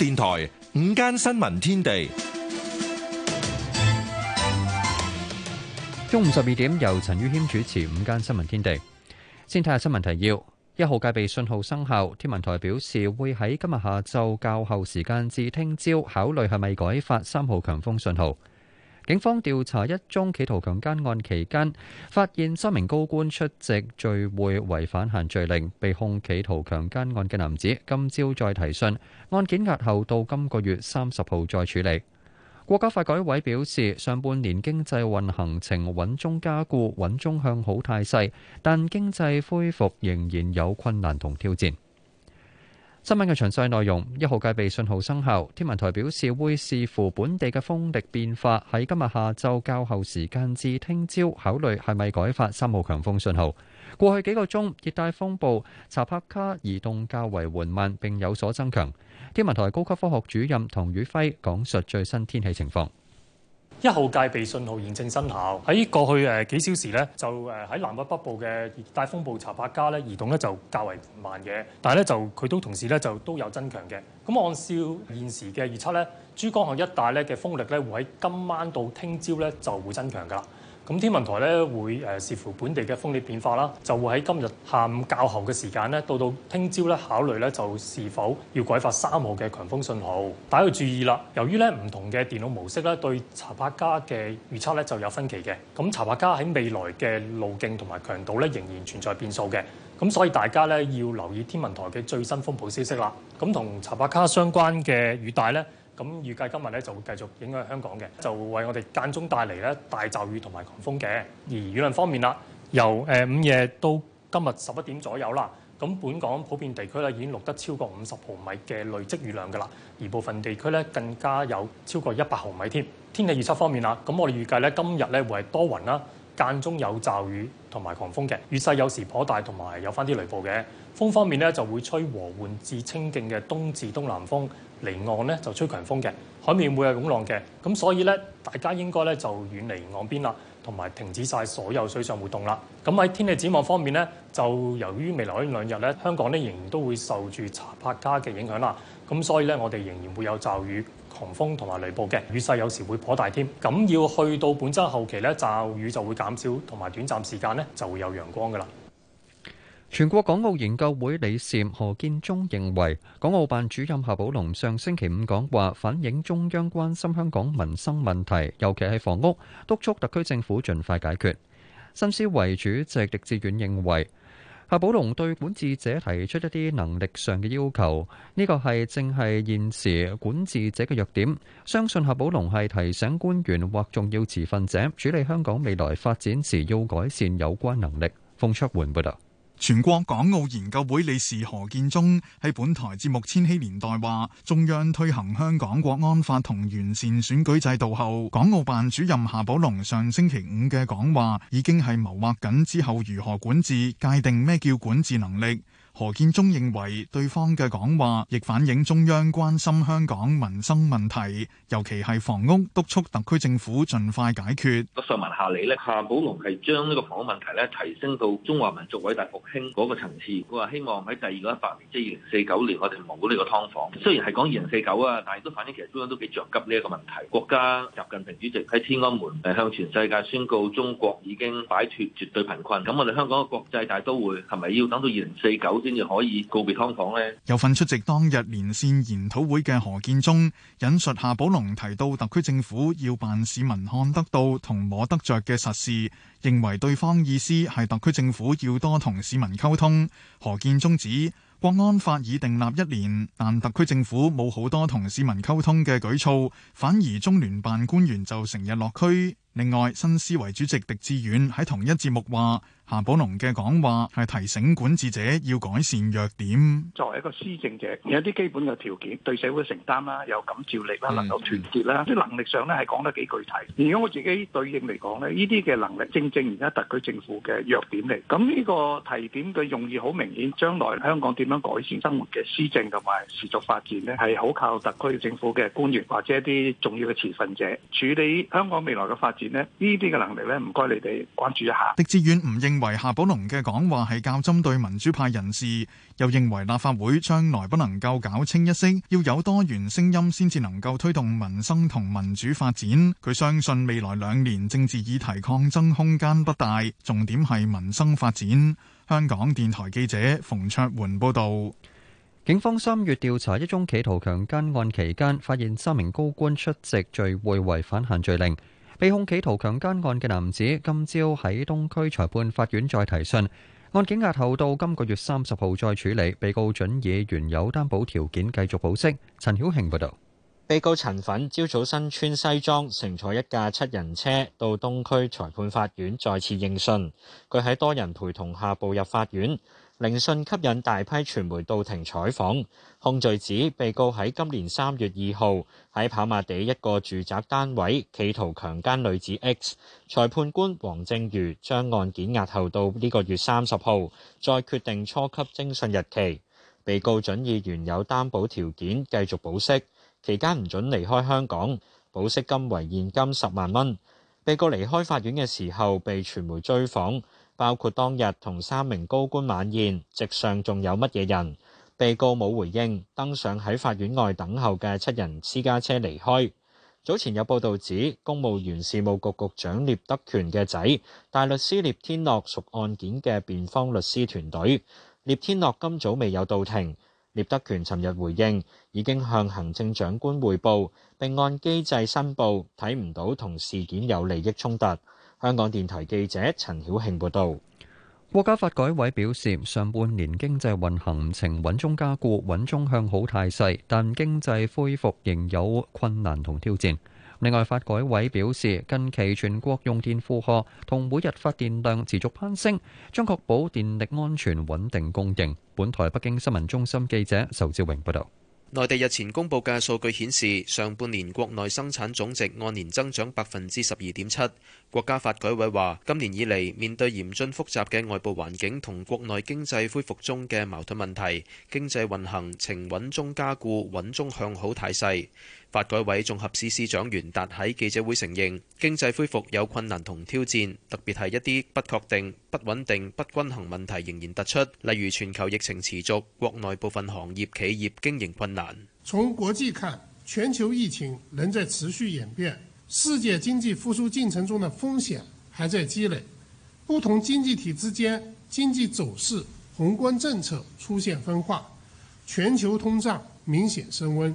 電台午間新聞天地，中午十二點由陳宇謙主持《午間新聞天地》。先睇下新聞提要。一號戒備信號生效，天文台表示會喺今日下晝較後時間至聽朝考慮係咪改發三號強風信號。警方調查一宗企圖強姦案期間，發現三名高官出席聚會違反限聚令，被控企圖強姦案嘅男子今朝再提訊，案件押後到今個月三十號再處理。國家發改委表示，上半年經濟運行呈穩中加固、穩中向好態勢，但經濟恢復仍然有困難同挑戰。新聞嘅詳細內容,一號戒備信號生效,天文台表示會視乎本地嘅風力變化喺今日下晝較後時間至聽朝考慮係咪改發三號強風信號。過去幾個鐘,熱帶風暴,查帕卡移動較為緩慢並有所增強。天文台高級科學主任唐宇輝講述最新天氣情況。一號戒備信號現正生效。喺過去誒、呃、幾小時咧，就誒喺、呃、南海北部嘅熱帶風暴查帕加咧移動咧就較為慢嘅，但係咧就佢都同時咧就都有增強嘅。咁按照現時嘅預測咧，珠江口一帶咧嘅風力咧會喺今晚到聽朝咧就會增強㗎喇。咁天文台咧會誒視乎本地嘅風力變化啦，就會喺今日下午較後嘅時間咧，到到聽朝咧考慮咧就是否要改發三號嘅強風信號。大家要注意啦，由於咧唔同嘅電腦模式咧對查帕卡嘅預測咧就有分歧嘅。咁查帕卡喺未來嘅路徑同埋強度咧仍然存在變數嘅。咁所以大家咧要留意天文台嘅最新風暴消息啦。咁同查帕卡相關嘅雨帶咧。咁預計今日咧就會繼續影響香港嘅，就為我哋間中帶嚟咧大驟雨同埋狂風嘅。而雨量方面啦，由誒、呃、午夜到今日十一點左右啦，咁本港普遍地區咧已經錄得超過五十毫米嘅累積雨量㗎啦，而部分地區咧更加有超過一百毫米添。天氣預測方面啦，咁我哋預計咧今日咧會係多雲啦，間中有驟雨同埋狂風嘅，雨勢有時頗大，同埋有返啲雷暴嘅。風方面咧就會吹和緩至清勁嘅東至東南風，離岸咧就吹強風嘅，海面會有湧浪嘅。咁所以咧，大家應該咧就遠離岸邊啦，同埋停止晒所有水上活動啦。咁喺天氣展望方面咧，就由於未來呢兩日咧，香港咧仍然都會受住查帕卡嘅影響啦。咁所以咧，我哋仍然會有驟雨、狂風同埋雷暴嘅，雨勢有時會頗大添。咁要去到本週後期咧，驟雨就會減少，同埋短暫時間咧就會有陽光㗎啦。全國港澳研究會理事何建宗認為，港澳辦主任夏寶龍上星期五講話，反映中央關心香港民生問題，尤其係房屋，督促特區政府盡快解決。新思維主席狄志遠認為，夏寶龍對管治者，提出一啲能力上嘅要求，呢個係正係現時管治者嘅弱點。相信夏寶龍係提醒官員或重要持份者，處理香港未來發展時要改善有關能力。馮卓煥報道。全國港澳研究會理事何建宗喺本台節目《千禧年代》話，中央推行香港國安法同完善選舉制度後，港澳辦主任夏寶龍上星期五嘅講話已經係謀劃緊之後如何管治，界定咩叫管治能力。何建中認為對方嘅講話亦反映中央關心香港民生問題，尤其係房屋，督促特區政府盡快解決。我上問下你咧，夏寶龍係將呢個房屋問題咧提升到中華民族偉大復興嗰個層次。佢話希望喺第二個一百年，即係二零四九年，我哋冇呢個劏房。雖然係講二零四九啊，但係都反映其實中央都幾着急呢一個問題。國家習近平主席喺天安門誒向全世界宣告中國已經擺脫絕對貧困。咁我哋香港嘅國際大都會係咪要等到二零四九先可以告別劏房呢？有份出席當日連線研討會嘅何建宗引述夏寶龍提到特區政府要辦市民看得到同摸得着嘅實事，認為對方意思係特區政府要多同市民溝通。何建宗指國安法已訂立一年，但特區政府冇好多同市民溝通嘅舉措，反而中聯辦官員就成日落區。另外，新思維主席狄志遠喺同一節目話。夏寶龍嘅講話係提醒管治者要改善弱點。作為一個施政者，有啲基本嘅條件，對社會承擔啦，有感召力啦，能夠團結啦，啲能力上咧係講得幾具體。如果我自己對應嚟講咧，呢啲嘅能力正正而家特區政府嘅弱點嚟。咁呢個提點嘅用意好明顯，將來香港點樣改善生活嘅施政同埋持續發展呢，係好靠特區政府嘅官員或者一啲重要嘅持份者處理香港未來嘅發展呢。呢啲嘅能力咧，唔該你哋關注一下。狄志遠唔認。為夏寶龍嘅講話係較針對民主派人士，又認為立法會將來不能夠搞清一色，要有多元聲音先至能夠推動民生同民主發展。佢相信未來兩年政治議題抗爭空間不大，重點係民生發展。香港電台記者馮卓桓報道。警方三月調查一宗企圖強姦案期間，發現三名高官出席聚會違反限聚令。被控企圖強姦案嘅男子今朝喺東區裁判法院再提訊，案件押後到今個月三十號再處理。被告准以原有擔保條件繼續保釋。陳曉慶報道：「被告陳粉朝早，身穿西裝，乘坐一架七人車到東區裁判法院再次應訊。佢喺多人陪同下步入法院。聆訊吸引大批傳媒到庭採訪，控罪指被告喺今年三月二號喺跑馬地一個住宅單位企圖強姦女子 X。裁判官黃正如將案件押後到呢個月三十號，再決定初級偵訊日期。被告準以原有擔保條件繼續保釋，期間唔准離開香港。保釋金為現金十萬蚊。被告離開法院嘅時候被傳媒追訪。包括當日同三名高官晚宴，席上仲有乜嘢人？被告冇回應，登上喺法院外等候嘅七人私家車離開。早前有報道指，公務員事務局局長聶德權嘅仔、大律師聶天樂屬案件嘅辯方律師團隊。聶天樂今早未有到庭。聶德權尋日回應，已經向行政長官匯報，並按機制申報，睇唔到同事件有利益衝突。香港電台記者陳曉慶報道，國家發改委表示，上半年經濟運行呈穩中加固、穩中向好態勢，但經濟恢復仍有困難同挑戰。另外，發改委表示，近期全國用電負荷同每日發電量持續攀升，將確保電力安全穩定供應。本台北京新聞中心記者仇志榮報道。內地日前公布嘅數據顯示，上半年國內生產總值按年增長百分之十二點七。國家發改委話，今年以嚟面對嚴峻複雜嘅外部環境同國內經濟恢復中嘅矛盾問題，經濟運行呈穩中加固、穩中向好態勢。發改委綜合司司長袁達喺記者會承認，經濟恢復有困難同挑戰，特別係一啲不確定、不穩定、不均衡問題仍然突出，例如全球疫情持續，國內部分行業企業經營困難。從國際看，全球疫情仍在持續演變，世界經濟復甦進程中的風險還在積累，不同經濟體之間經濟走勢、宏觀政策出現分化，全球通脹明顯升溫。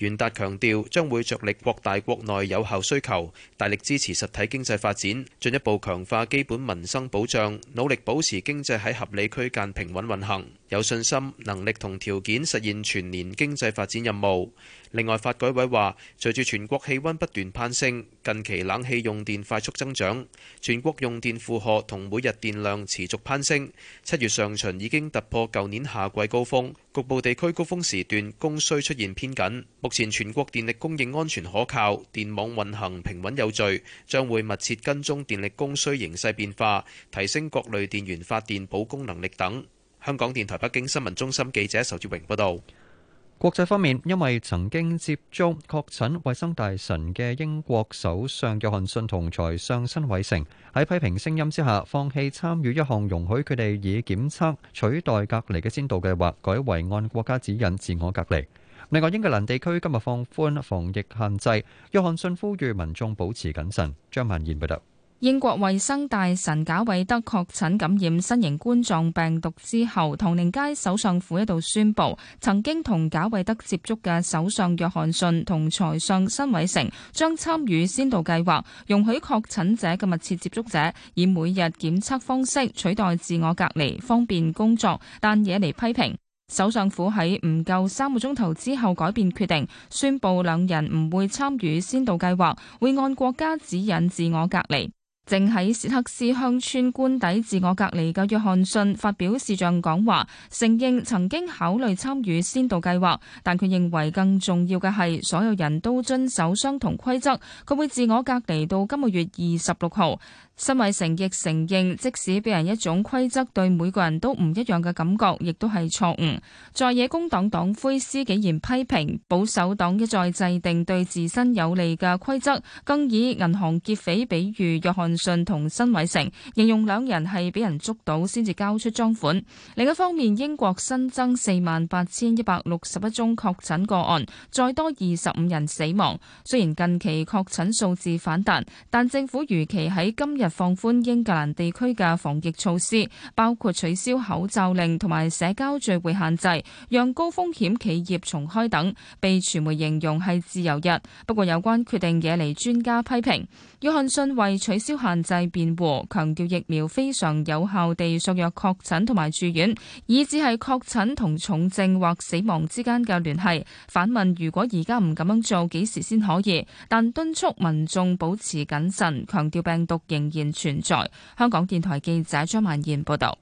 袁達強調將會着力擴大國內有效需求，大力支持實體經濟發展，進一步強化基本民生保障，努力保持經濟喺合理區間平穩運行，有信心、能力同條件實現全年經濟發展任務。另外，發改委話，隨住全國氣温不斷攀升，近期冷氣用電快速增長，全國用電負荷同每日電量持續攀升，七月上旬已經突破舊年夏季高峰，局部地區高峰時段供需出現偏緊。目前全國電力供應安全可靠，電網運行平穩有序，將會密切跟蹤電力供需形勢變化，提升各類電源發電保供能力等。香港電台北京新聞中心記者仇志榮報道。國際方面另外，英格蘭地區今日放寬防疫限制，約翰遜呼籲民眾保持謹慎。張曼燕報道，英國衛生大臣賈偉德確診感染新型冠狀病毒之後，唐寧街首相府一度宣布，曾經同賈偉德接觸嘅首相約翰遜同財相辛偉誠將參與先導計劃，容許確診者嘅密切接觸者以每日檢測方式取代自我隔離，方便工作，但惹嚟批評。首相府喺唔夠三個鐘頭之後改變決定，宣布兩人唔會參與先導計劃，會按國家指引自我隔離。正喺斯克斯鄉村官邸自我隔離嘅約翰遜發表視像講話，承認曾經考慮參與先導計劃，但佢認為更重要嘅係所有人都遵守相同規則。佢會自我隔離到今個月二十六號。辛偉誠亦承認，即使俾人一種規則對每個人都唔一樣嘅感覺，亦都係錯誤。在野工黨黨魁施紀賢批評保守黨一再制定對自身有利嘅規則，更以銀行劫匪比喻約翰。信同申偉成形容兩人係俾人捉到先至交出贓款。另一方面，英國新增四萬八千一百六十一宗確診個案，再多二十五人死亡。雖然近期確診數字反彈，但政府預期喺今日放寬英格蘭地區嘅防疫措施，包括取消口罩令同埋社交聚會限制，讓高風險企業重開等，被傳媒形容係自由日。不過，有關決定惹嚟專家批評。約翰遜為取消限制辯護，強調疫苗非常有效地削弱確診同埋住院，以致係確診同重症或死亡之間嘅聯繫。反問如果而家唔咁樣做，幾時先可以？但敦促民眾保持謹慎，強調病毒仍然存在。香港電台記者張曼燕報道：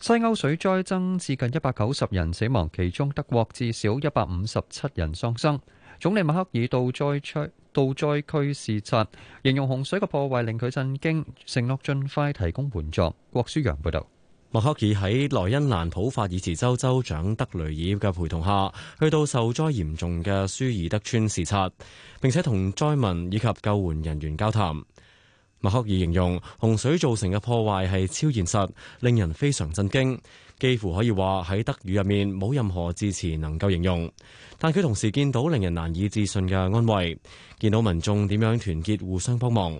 西歐水災增至近一百九十人死亡，其中德國至少一百五十七人喪生。總理默克爾到災區到災區視察，形容洪水嘅破壞令佢震驚，承諾盡快提供援助。郭舒揚報導，默克爾喺萊茵蘭普法爾茨州州長德雷爾嘅陪同下，去到受災嚴重嘅舒爾德村視察，並且同災民以及救援人員交談。默克爾形容洪水造成嘅破壞係超現實，令人非常震驚。幾乎可以話喺德語入面冇任何字詞能夠形容，但佢同時見到令人難以置信嘅安慰，見到民眾點樣團結互相幫忙。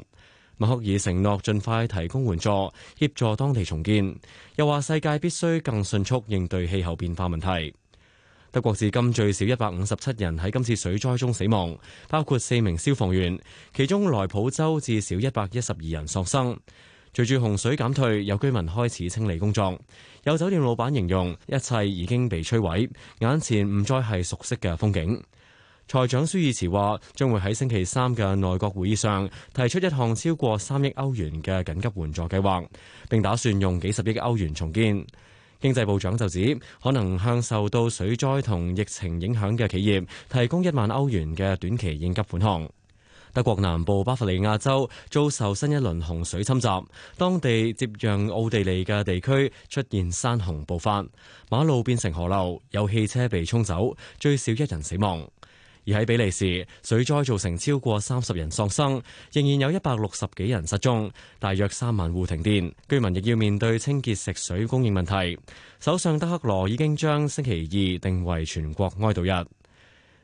默克爾承諾盡快提供援助，協助當地重建，又話世界必須更迅速應對氣候變化問題。德國至今最少一百五十七人喺今次水災中死亡，包括四名消防員，其中萊普州至少一百一十二人喪生。隨住洪水減退，有居民開始清理工作。有酒店老闆形容，一切已經被摧毀，眼前唔再係熟悉嘅風景。財長舒爾茨話，將會喺星期三嘅內閣會議上提出一項超過三億歐元嘅緊急援助計劃，並打算用幾十億嘅歐元重建。經濟部長就指，可能向受到水災同疫情影響嘅企業提供一萬歐元嘅短期應急款項。德國南部巴伐利亞州遭受新一輪洪水侵襲，當地接壤奧地利嘅地區出現山洪暴發，馬路變成河流，有汽車被沖走，最少一人死亡。而喺比利時，水災造成超過三十人喪生，仍然有一百六十幾人失蹤，大約三萬戶停電，居民亦要面對清潔食水供應問題。首相德克羅已經將星期二定為全國哀悼日。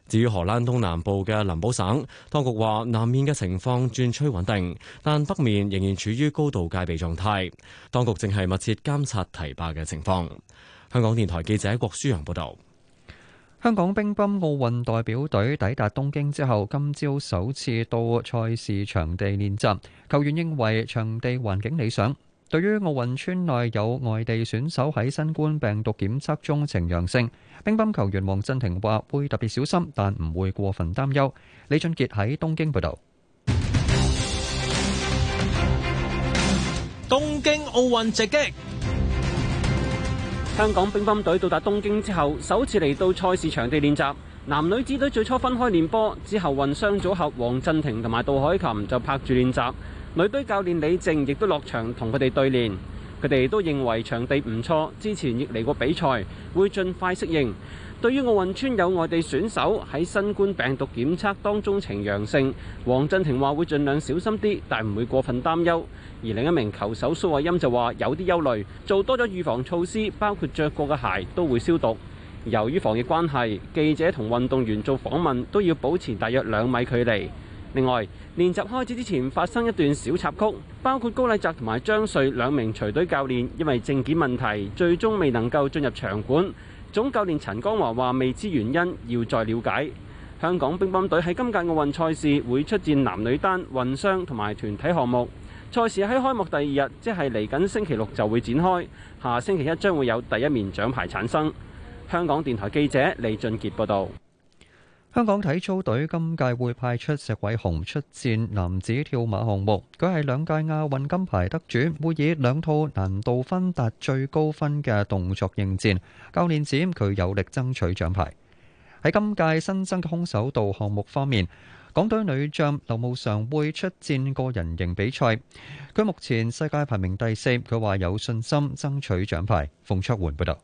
至於荷蘭東南部嘅林堡省，當局話南面嘅情況轉趨穩定，但北面仍然處於高度戒備狀態。當局正係密切監察堤壩嘅情況。香港電台記者郭舒揚報道。香港乒乓奧運代表隊抵達東京之後，今朝首次到賽事場地練習，球員認為場地環境理想。對於奧運村內有外地選手喺新冠病毒檢測中呈陽性,乒乓球員王振廷話會特別小心,但唔會過分擔憂,女隊教練李靜亦都落場同佢哋對練，佢哋都認為場地唔錯，之前亦嚟過比賽，會盡快適應。對於奧運村有外地選手喺新冠病毒檢測當中呈陽性，黃鎮廷話會盡量小心啲，但唔會過分擔憂。而另一名球手蘇慧音就話有啲憂慮，做多咗預防措施，包括著過嘅鞋都會消毒。由於防疫關係，記者同運動員做訪問都要保持大約兩米距離。另外，練習開始之前發生一段小插曲，包括高禮澤同埋張瑞兩名隨隊教練因為證件問題，最終未能夠進入場館。總教練陳江華話未知原因，要再了解。香港乒乓隊喺今屆奧運賽事會出戰男女單、混雙同埋團體項目。賽事喺開幕第二日，即係嚟緊星期六就會展開，下星期一將會有第一面獎牌產生。香港電台記者李俊傑報道。香港體操隊今屆會派出石偉雄出戰男子跳馬項目，佢係兩屆亞運金牌得主，會以兩套難度分達最高分嘅動作應戰。教練指佢有力爭取獎牌。喺今屆新增嘅空手道項目方面，港隊女將劉慕常會出戰個人形比賽，佢目前世界排名第四，佢話有信心爭取獎牌。馮卓煥報道。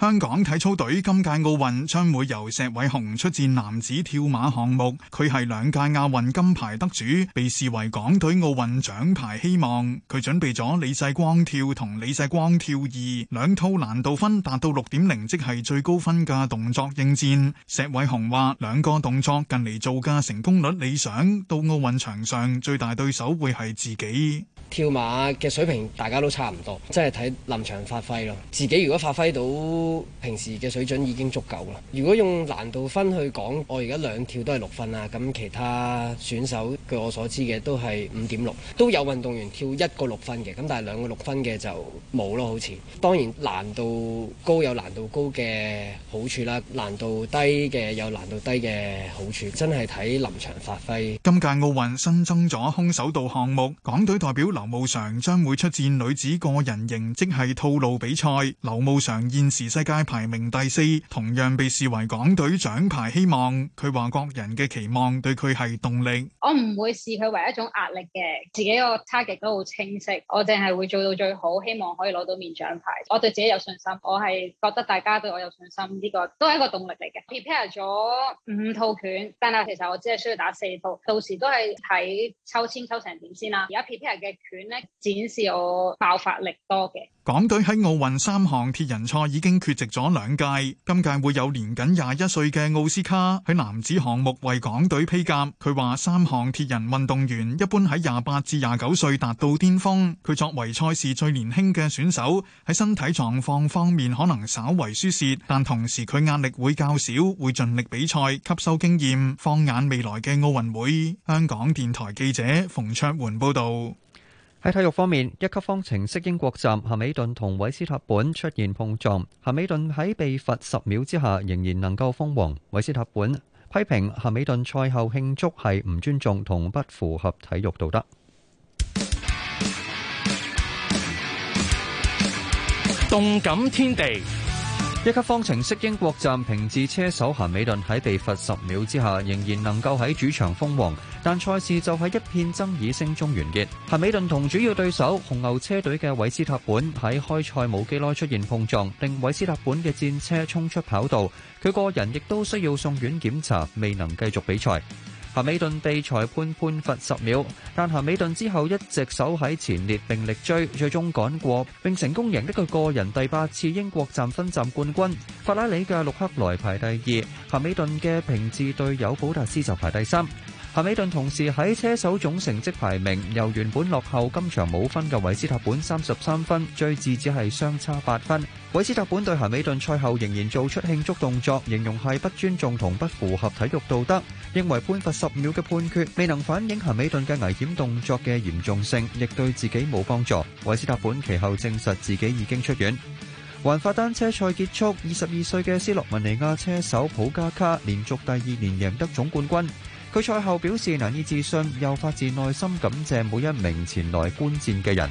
香港體操隊今屆奧運將會由石偉雄出戰男子跳馬項目，佢係兩屆亞運金牌得主，被視為港隊奧運獎牌希望。佢準備咗李世光跳同李世光跳二兩套難度分達到六點零，即係最高分嘅動作應戰。石偉雄話：兩個動作近嚟做嘅成功率理想，到奧運場上最大對手會係自己。跳馬嘅水平大家都差唔多，真係睇臨場發揮咯。自己如果發揮到平時嘅水準已經足夠啦。如果用難度分去講，我而家兩跳都係六分啦。咁其他選手據我所知嘅都係五點六，都有運動員跳一個六分嘅，咁但係兩個六分嘅就冇咯，好似。當然難度高有難度高嘅好處啦，難度低嘅有難度低嘅好處，真係睇臨場發揮。今屆奧運新增咗空手道項目，港隊代表林劉慕常將會出戰女子個人型，即係套路比賽。劉慕常現時世界排名第四，同樣被視為港隊獎牌希望。佢話個人嘅期望對佢係動力。我唔會視佢為一種壓力嘅，自己個差 a 都好清晰，我淨係會做到最好，希望可以攞到面獎牌。我對自己有信心，我係覺得大家對我有信心，呢、這個都係一個動力嚟嘅。prepare 咗五套拳，但係其實我只係需要打四套，到時都係睇抽籤抽成點先啦。而家 prepare 嘅。呢展示我爆發力多嘅港隊喺奧運三項鐵人賽已經缺席咗兩屆，今屆會有年僅廿一歲嘅奧斯卡喺男子項目為港隊披甲。佢話三項鐵人運動員一般喺廿八至廿九歲達到巔峰。佢作為賽事最年輕嘅選手，喺身體狀況方面可能稍為輸蝕，但同時佢壓力會較少，會盡力比賽，吸收經驗。放眼未來嘅奧運會，香港電台記者馮卓媛報道。喺體育方面，一級方程式英國站，夏美頓同韋斯塔本出現碰撞。夏美頓喺被罰十秒之下，仍然能夠封王。韋斯塔本批評夏美頓賽後慶祝係唔尊重同不符合體育道德。動感天地。一級方程式英國站，平治車手咸美頓喺被罰十秒之下，仍然能夠喺主場封王，但賽事就喺一片爭議聲中完結。咸美頓同主要對手紅牛車隊嘅維斯塔本喺開賽冇幾耐出現碰撞，令維斯塔本嘅戰車衝出跑道，佢個人亦都需要送院檢查，未能繼續比賽。咸美頓被裁判判罰十秒，但咸美頓之後一直守喺前列，並力追，最終趕過，並成功贏得佢個人第八次英國站分站冠軍。法拉利嘅陸克萊排第二，咸美頓嘅平治隊友保達斯就排第三。哈咸美頓同時喺車手總成績排名，由原本落後今場冇分嘅維斯塔本三十三分，追至只係相差八分。維斯塔本對咸美頓賽後仍然做出慶祝動作，形容係不尊重同不符合體育道德，認為判罰十秒嘅判決未能反映咸美頓嘅危險動作嘅嚴重性，亦對自己冇幫助。維斯塔本其後證實自己已經出院。環法單車賽結束，二十二歲嘅斯洛文尼亞車手普加卡連續第二年贏得總冠軍。佢賽後表示難以置信，又發自內心感謝每一名前來觀戰嘅人。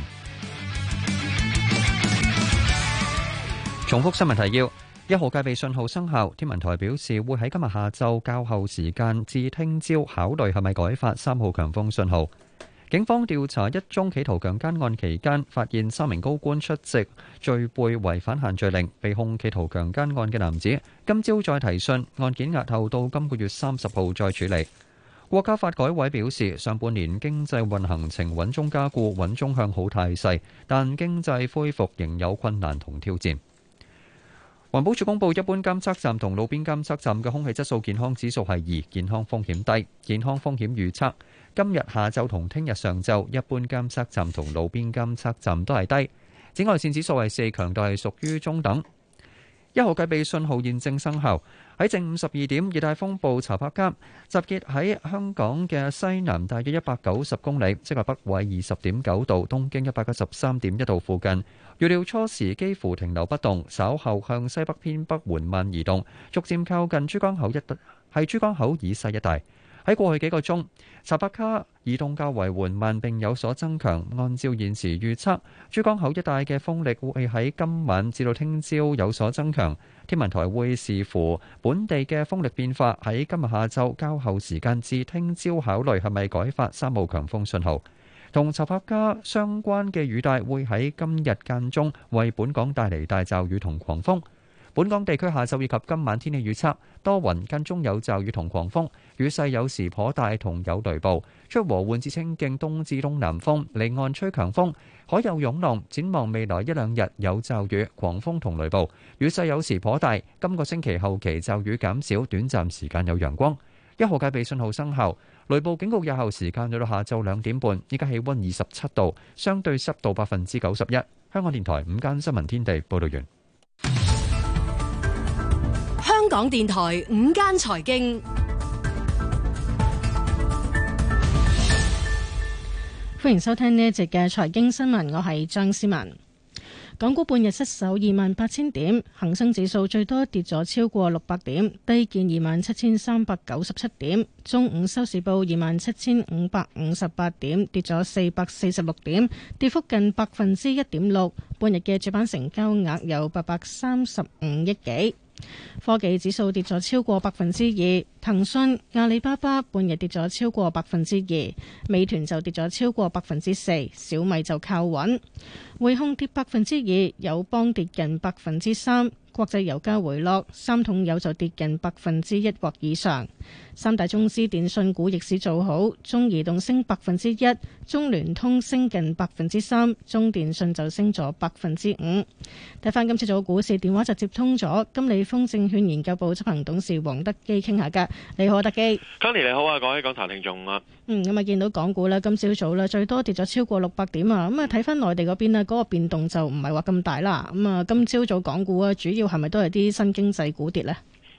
重複新聞提要：一號戒備信號生效，天文台表示會喺今日下晝較後時間至聽朝考慮係咪改發三號強風信號。警方調查一宗企圖強姦案期間，發現三名高官出席聚會違反限聚令，被控企圖強姦案嘅男子今朝再提訊，案件押後到今個月三十號再處理。國家發改委表示，上半年經濟運行呈穩中加固、穩中向好態勢，但經濟恢復仍有困難同挑戰。環保署公布，一般監測站同路邊監測站嘅空氣質素健康指數係二，健康風險低。健康風險預測，今日下晝同聽日上晝，一般監測站同路邊監測站都係低。紫外線指數係四，強度係屬於中等。一號戒備信號現正生效。喺正午十二點，熱帶風暴查帕加集結喺香港嘅西南，大約一百九十公里，即係北緯二十點九度，東經一百九十三點一度附近。預料初時幾乎停留不動，稍後向西北偏北緩慢移動，逐漸靠近珠江口一，係珠江口以西一帶。喺過去幾個鐘，查帕卡移動較為緩慢並有所增強。按照現時預測，珠江口一帶嘅風力會喺今晚至到聽朝有所增強。天文台會視乎本地嘅風力變化，喺今日下晝較後時間至聽朝考慮係咪改發三號強風信號。同查帕卡相關嘅雨帶會喺今日間中為本港帶嚟大驟雨同狂風。本港地區下晝以及今晚天氣預測，多雲，間中有驟雨同狂風，雨勢有時頗大，同有雷暴。出和緩至清勁東至東南風，離岸吹強風，海有湧浪。展望未來一兩日有驟雨、狂風同雷暴，雨勢有時頗大。今個星期後期驟雨減少，短暫時間有陽光。一號戒備信號生效，雷暴警告有效時間到到下晝兩點半。依家氣温二十七度，相對濕度百分之九十一。香港電台午間新聞天地報導完。香港電台午間財經，歡迎收聽呢一節嘅財經新聞。我係張思文。港股半日失守二萬八千點，恒生指數最多跌咗超過六百點，低見二萬七千三百九十七點。中午收市報二萬七千五百五十八點，跌咗四百四十六點，跌幅近百分之一點六。半日嘅主板成交額有八百三十五億幾。科技指數跌咗超過百分之二，騰訊、阿里巴巴半日跌咗超過百分之二，美團就跌咗超過百分之四，小米就靠穩，匯控跌百分之二，友邦跌近百分之三。國際油價回落，三桶油就跌近百分之一或以上。三大中資電信股逆市做好，中移動升百分之一，中聯通升近百分之三，中電信就升咗百分之五。睇翻今朝早股市，電話就接通咗，金利豐證券研究部執行董事黃德基傾下㗎。你好，德基。你好啊，各位港台聽眾啊。嗯，咁、嗯、啊、嗯嗯、見到港股咧，今朝早咧最多跌咗超過六百點啊。咁啊睇翻內地嗰邊咧，嗰、那個變動就唔係話咁大啦。咁、嗯、啊、嗯、今朝早港股啊，主要係咪都係啲新經濟股跌呢？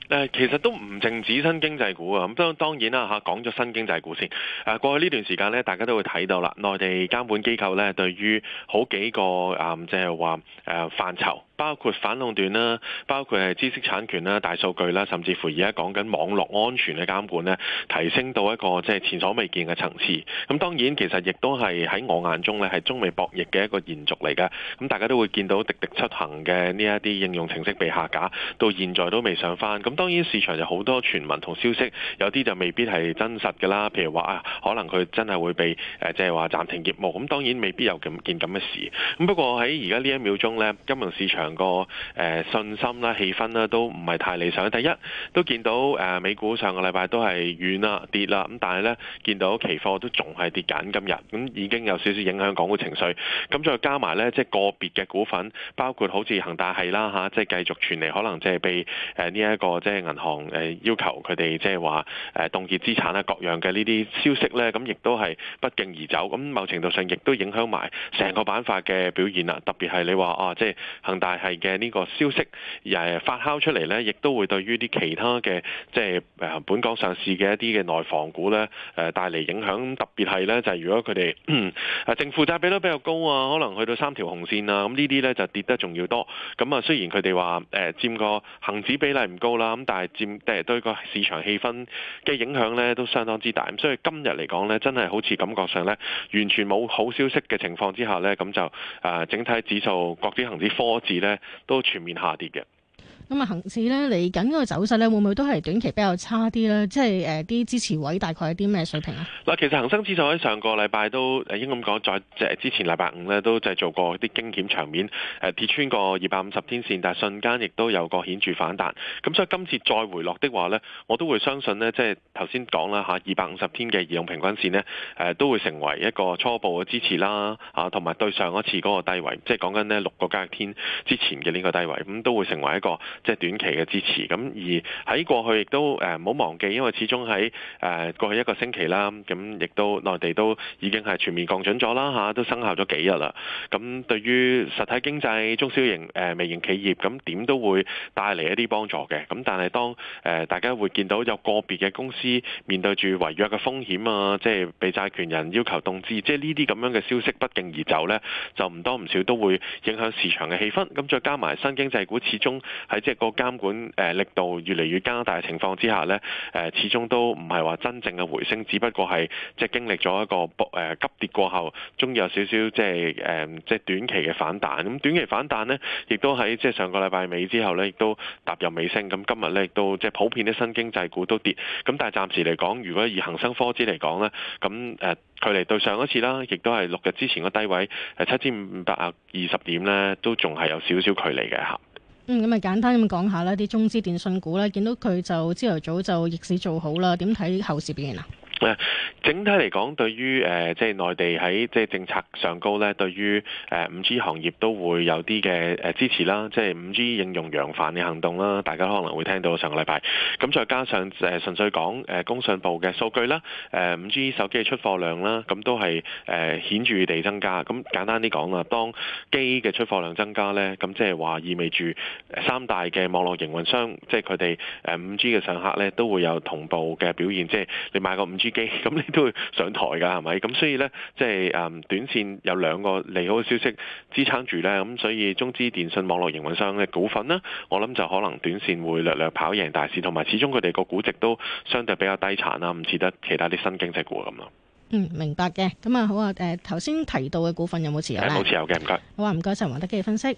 誒，其實都唔淨止新經濟股啊！咁當當然啦嚇，講咗新經濟股先。誒，過去呢段時間呢，大家都會睇到啦，內地監管機構呢對於好幾個誒，即係話誒範疇。包括反壟斷啦，包括係知識產權啦、啊、大數據啦、啊，甚至乎而家講緊網絡安全嘅監管咧、啊，提升到一個即係前所未見嘅層次。咁當然其實亦都係喺我眼中咧，係中美博弈嘅一個延續嚟噶，咁大家都會見到滴滴出行嘅呢一啲應用程式被下架，到現在都未上翻。咁當然市場有好多傳聞同消息，有啲就未必係真實㗎啦。譬如話啊，可能佢真係會被誒即係話暫停業務。咁當然未必有咁件咁嘅事。咁不過喺而家呢一秒鐘咧，金融市場，個誒信心啦，氣氛啦，都唔係太理想。第一都見到誒美股上個禮拜都係軟啦，跌啦，咁但係呢，見到期貨都仲係跌緊今日，咁已經有少少影響港股情緒。咁再加埋呢，即係個別嘅股份，包括好似恒大係啦吓，即係繼續傳嚟可能即係被誒呢一個即係銀行誒要求佢哋即係話誒凍結資產啦，各樣嘅呢啲消息呢，咁亦都係不脛而走。咁某程度上亦都影響埋成個板塊嘅表現啦。特別係你話啊，即係恒大。係嘅呢個消息，誒發酵出嚟呢，亦都會對於啲其他嘅，即係本港上市嘅一啲嘅內房股呢，誒帶嚟影響。特別係呢，就係如果佢哋誒淨負債比率比較高啊，可能去到三條紅線啊，咁呢啲呢，就跌得仲要多。咁啊，雖然佢哋話誒佔個恒指比例唔高啦，咁但係佔誒對個市場氣氛嘅影響呢，都相當之大。所以今日嚟講呢，真係好似感覺上呢，完全冇好消息嘅情況之下呢，咁就誒整體指數、各指、恒指、科指。咧都全面下跌嘅。咁啊，恆指咧嚟緊嗰個走勢咧，會唔會都係短期比較差啲咧？即係誒啲支持位大概係啲咩水平啊？嗱，其實恒生指數喺上個禮拜都誒應該咁講，在誒之前禮拜五咧都製造過啲驚險場面，誒、呃、跌穿過二百五十天線，但係瞬間亦都有個顯著反彈。咁所以今次再回落的話咧，我都會相信呢，即係頭先講啦嚇二百五十天嘅移動平均線呢，誒、啊、都會成為一個初步嘅支持啦，啊同埋對上一次嗰個低位，即係講緊呢六個交易天之前嘅呢個低位，咁、嗯、都會成為一個。即係短期嘅支持，咁而喺過去亦都誒唔好忘記，因為始終喺誒過去一個星期啦，咁亦都內地都已經係全面降準咗啦吓，都生效咗幾日啦。咁對於實體經濟，中小型，誒微型企業，咁點都會帶嚟一啲幫助嘅。咁但係當誒大家會見到有個別嘅公司面對住違約嘅風險啊，即係被債權人要求動資，即係呢啲咁樣嘅消息不脛而走咧，就唔多唔少都會影響市場嘅氣氛。咁再加埋新經濟股始終喺即係個監管誒力度越嚟越加大嘅情況之下呢，誒始終都唔係話真正嘅回升，只不過係即係經歷咗一個誒急跌過後，終於有少少即係誒即係短期嘅反彈。咁短期反彈呢，亦都喺即係上個禮拜尾之後呢，亦都踏入尾聲。咁今日呢，亦都即係普遍啲新經濟股都跌。咁但係暫時嚟講，如果以恒生科指嚟講呢，咁誒距離對上一次啦，亦都係六日之前個低位七千五百啊二十點呢，都仲係有少少距離嘅嚇。咁咪簡單咁講下啦，啲中資電訊股咧，見到佢就朝頭早就逆市做好啦。點睇後市表現啊？整體嚟講對於誒即係內地喺即係政策上高咧，對於誒五 G 行業都會有啲嘅誒支持啦，即係五 G 應用揚帆嘅行動啦，大家可能會聽到上個禮拜。咁再加上誒，純粹講誒工信部嘅數據啦，誒五 G 手機嘅出貨量啦，咁都係誒顯著地增加。咁簡單啲講啦，當機嘅出貨量增加咧，咁即係話意味住三大嘅網絡營運商，即係佢哋誒五 G 嘅上客咧，都會有同步嘅表現，即係你買個五 G。咁 你都會上台噶，係咪？咁所以呢，即係誒，短線有兩個利好嘅消息支撐住呢。咁、嗯、所以中資電信網絡營運商嘅股份呢，我諗就可能短線會略略跑贏大市，同埋始終佢哋個估值都相對比較低殘啊，唔似得其他啲新經濟股咁咯。嗯，明白嘅。咁啊，好啊，誒，頭先提到嘅股份有冇持有咧？冇、欸、持有嘅，唔該。好啊，唔該晒。華德基嘅分析。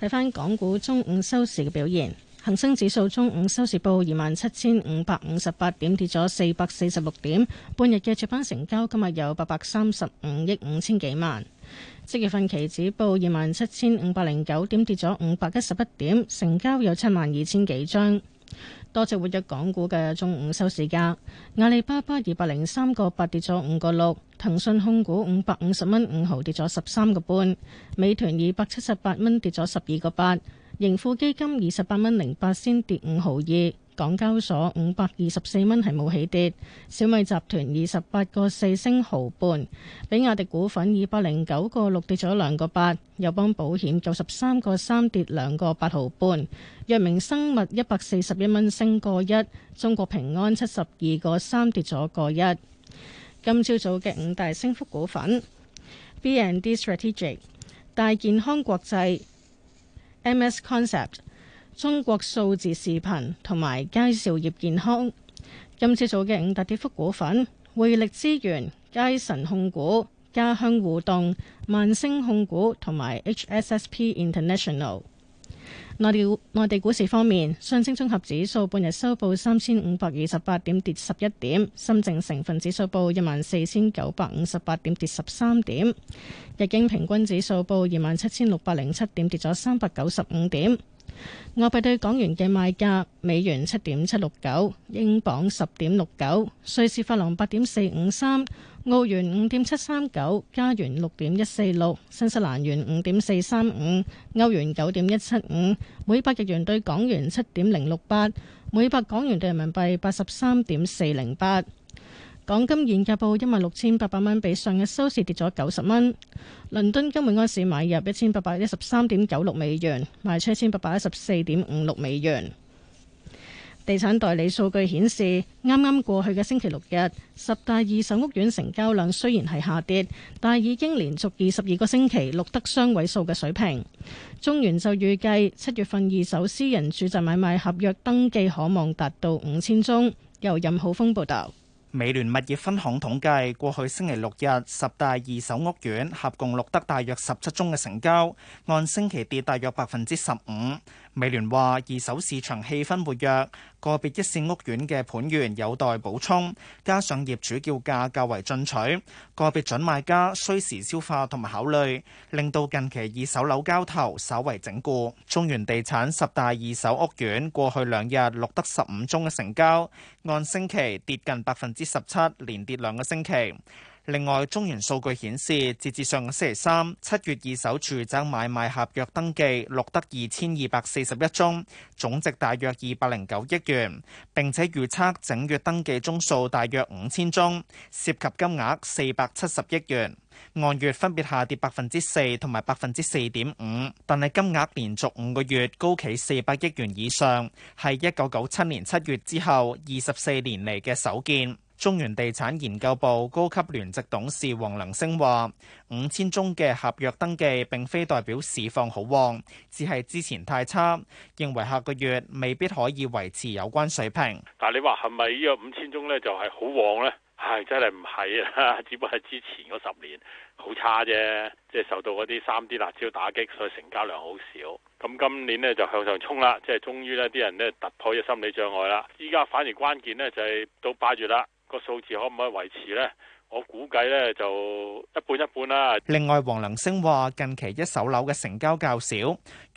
睇翻港股中午收市嘅表現。恒生指數中午收市報二萬七千五百五十八點，跌咗四百四十六點。半日嘅主板成交今日有八百三十五億五千幾萬。七月份期指報二萬七千五百零九點，跌咗五百一十一點，成交有七萬二千幾張。多隻活躍港股嘅中午收市價：阿里巴巴二百零三個八跌咗五個六，騰訊控股五百五十蚊五毫跌咗十三個半，美團二百七十八蚊跌咗十二個八。盈富基金二十八蚊零八先跌五毫二，港交所五百二十四蚊係冇起跌，小米集團二十八個四升毫半，比亞迪股份二百零九個六跌咗兩個八，友邦保險九十三個三跌兩個八毫半，藥明生物一百四十一蚊升個一，中國平安七十二個三跌咗個一。今朝早嘅五大升幅股份，BND Strategic 大健康國際。M.S. Concept、中國數字視頻同埋佳兆業健康，今次做嘅五大跌幅股份：匯力資源、佳神控股、家鄉互動、萬星控股同埋 H.S.S.P. International。內地內地股市方面，上證綜合指數半日收報三千五百二十八點，跌十一點；深證成分指數報一萬四千九百五十八點，跌十三點；日經平均指數報二萬七千六百零七點，跌咗三百九十五點。外幣對港元嘅賣價：美元七點七六九，英鎊十點六九，瑞士法郎八點四五三。澳元五點七三九，加元六點一四六，新西蘭元五點四三五，歐元九點一七五，每百日元兌港元七點零六八，每百港元兌人民幣八十三點四零八。港金現價報一萬六千八百蚊，比上日收市跌咗九十蚊。倫敦金每安士買入一千八百一十三點九六美元，賣出一千八百一十四點五六美元。地產代理數據顯示，啱啱過去嘅星期六日，十大二手屋苑成交量雖然係下跌，但已經連續二十二個星期錄得雙位數嘅水平。中原就預計七月份二手私人住宅買賣合約登記可望達到五千宗。由任浩峰報道。美聯物業分行統計，過去星期六日十大二手屋苑合共錄得大約十七宗嘅成交，按星期跌大約百分之十五。美聯話二手市場氣氛活躍，個別一線屋苑嘅盤源有待補充，加上業主叫價較為進取，個別準買家需時消化同埋考慮，令到近期二手樓交投稍為整固。中原地產十大二手屋苑過去兩日錄得十五宗嘅成交，按星期跌近百分之十七，連跌兩個星期。另外，中原數據顯示，截至上個星期三，七月二手住宅買賣合約登記錄得二千二百四十一宗，總值大約二百零九億元。並且預測整月登記宗數大約五千宗，涉及金額四百七十億元，按月分別下跌百分之四同埋百分之四點五。但係金額連續五個月高企四百億元以上，係一九九七年七月之後二十四年嚟嘅首見。中原地產研究部高級聯席董事黃良昇話：五千宗嘅合約登記，並非代表市況好旺，只係之前太差，認為下個月未必可以維持有關水平。但係你話係咪呢個五千宗呢就係好旺呢？係、哎、真係唔係啊！只不過係之前嗰十年好差啫，即係受到嗰啲三 D 辣椒打擊，所以成交量好少。咁今年呢就向上衝啦，即係終於呢啲人呢突破咗心理障礙啦。依家反而關鍵呢就係到八月啦。個數字可唔可以維持呢？我估計呢就一半一半啦。另外，黃良昇話近期一手樓嘅成交較少。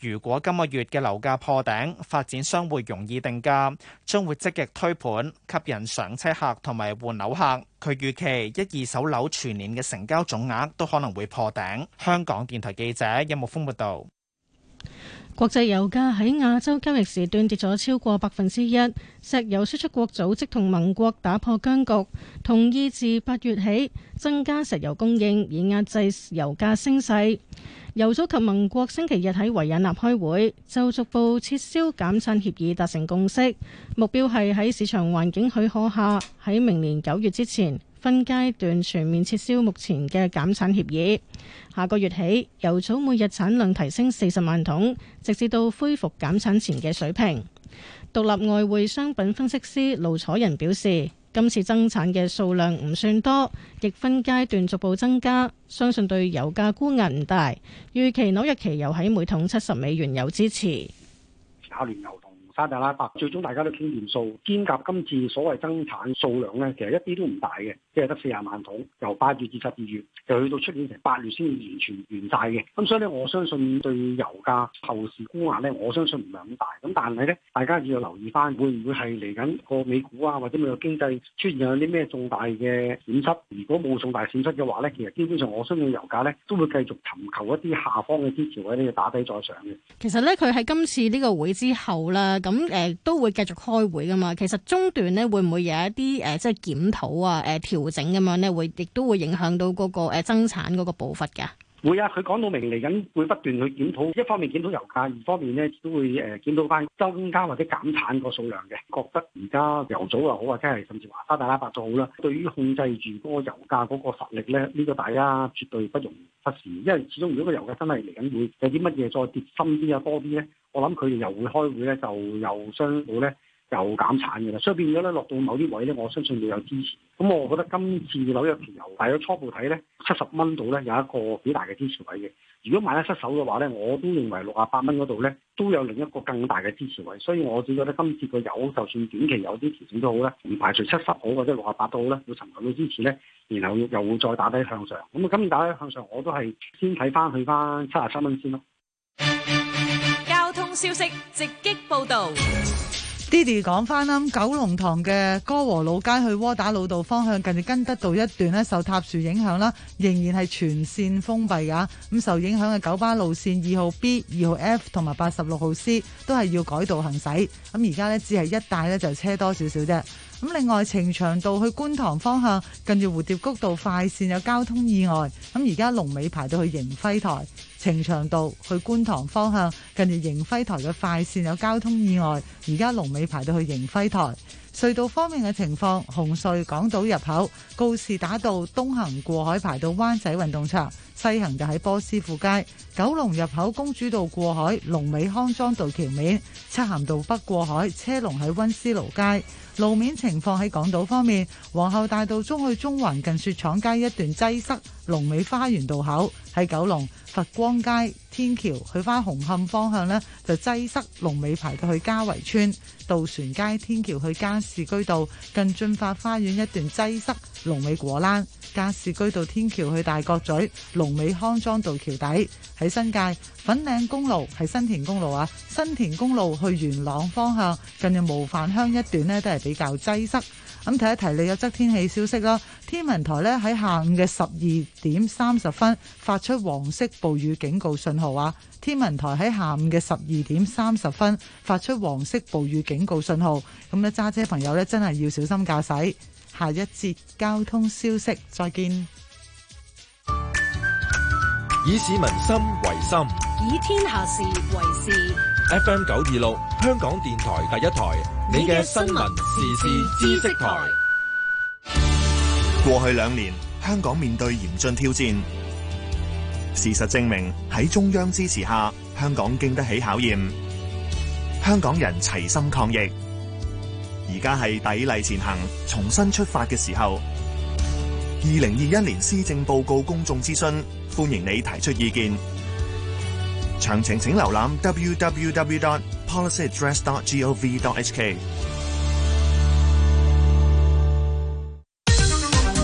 如果今個月嘅樓價破頂，發展商會容易定價，將會積極推盤，吸引上車客同埋換樓客。佢預期一二手樓全年嘅成交總額都可能會破頂。香港電台記者一木豐報道。有國際油價喺亞洲交易時段跌咗超過百分之一。石油輸出國組織同盟國打破僵局，同意自八月起增加石油供應，以壓制油價升勢。油組及盟國星期日喺維也納開會，就逐步撤銷減產協議達成共識，目標係喺市場環境許可下，喺明年九月之前。分階段全面撤銷目前嘅減產協議，下個月起油早每日產量提升四十萬桶，直至到恢復減產前嘅水平。獨立外匯商品分析師盧楚仁表示：今次增產嘅數量唔算多，亦分階段逐步增加，相信對油價沽壓唔大。預期紐約期油喺每桶七十美元有支持。炒連油同沙特拉伯，最終大家都傾掂數，兼夾今次所謂增產數量咧，其實一啲都唔大嘅。即係得四十萬桶，由八月至十二月，就去到出年成八月先完全完晒嘅。咁、嗯、所以咧，我相信對油價後市估壓咧，我相信唔係咁大。咁但係咧，大家要留意翻，會唔會係嚟緊個美股啊，或者美國經濟出現有啲咩重大嘅損失？如果冇重大損失嘅話咧，其實基本上我相信油價咧都會繼續尋求一啲下方嘅支持喺呢個打底再上嘅。其實咧，佢喺今次呢個會之後啦，咁誒、呃、都會繼續開會噶嘛。其實中段咧會唔會有一啲誒、呃、即係檢討啊、誒、呃、調調整咁樣咧，會亦都會影響到嗰個誒增產嗰個步伐嘅。會啊，佢講到明嚟緊會不斷去檢討，一方面檢討油價，二方面咧都會誒檢討返增加或者減產個數量嘅。覺得而家油組又好啊，即係甚至話沙地阿拉伯咗好啦。對於控制住嗰個油價嗰個實力咧，呢個大家絕對不容忽視。因為始終如果個油價真係嚟緊會有啲乜嘢再跌深啲啊多啲咧，我諗佢哋又會開會咧，就又相會咧。又減產嘅啦，所以變咗咧落到某啲位咧，我相信會有支持。咁我覺得今次紐約期油，大約初步睇咧七十蚊度咧有一個幾大嘅支持位嘅。如果買得失手嘅話咧，我都認為六啊八蚊嗰度咧都有另一個更大嘅支持位。所以我只覺得今次個油就算短期有啲調整都好咧，唔排除七十好或者六啊八都好咧會尋求到支持咧，然後又再打低向上。咁啊，今次打低向上我都係先睇翻去翻七啊三蚊先咯。交通消息直擊報導。Didi 講翻啦，九龍塘嘅歌和老街去窩打老道方向，近住根德道一段呢，受塌樹影響啦，仍然係全線封閉㗎。咁受影響嘅九巴路線二號 B、二號 F 同埋八十六號 C 都係要改道行駛。咁而家呢，只係一帶呢，就車多少少啫。咁另外，呈祥道去觀塘方向，近住蝴蝶谷道快線有交通意外。咁而家龍尾排到去迎輝台。晴翔道去觀塘方向，近住盈輝台嘅快線有交通意外，而家龍尾排到去盈輝台隧道方面嘅情況，紅隧港島入口告士打道東行過海排到灣仔運動場。西行就喺波斯富街，九龍入口公主道過海，龍尾康莊道橋面，漆咸道北過海車龍喺溫思勞街。路面情況喺港島方面，皇后大道中去中環近雪廠街一段擠塞，龍尾花園道口喺九龍佛光街天橋去返紅磡方向呢，就擠塞，龍尾排到去嘉圍村，渡船街天橋去加士居道近駿發花園一段擠塞，龍尾果欄。加士居道天橋去大角咀，龍尾康莊道橋底。喺新界粉嶺公路，係新田公路啊，新田公路去元朗方向，近日模範鄉一段呢，都係比較擠塞。咁提一提你有則天氣消息啦。天文台呢，喺下午嘅十二點三十分發出黃色暴雨警告信號啊。天文台喺下午嘅十二點三十分發出黃色暴雨警告信號。咁呢揸車朋友呢，真係要小心駕駛。下一節交通消息，再見。以市民心為心，以天下事為事。FM 九二六，香港電台第一台，你嘅新聞民時事知識台。過去兩年，香港面對嚴峻挑戰。事實證明，喺中央支持下，香港經得起考驗。香港人齊心抗疫。而家係砥礪前行、重新出發嘅時候。二零二一年施政報告公眾諮詢，歡迎你提出意見。詳情請瀏覽 www.policyaddress.gov.hk。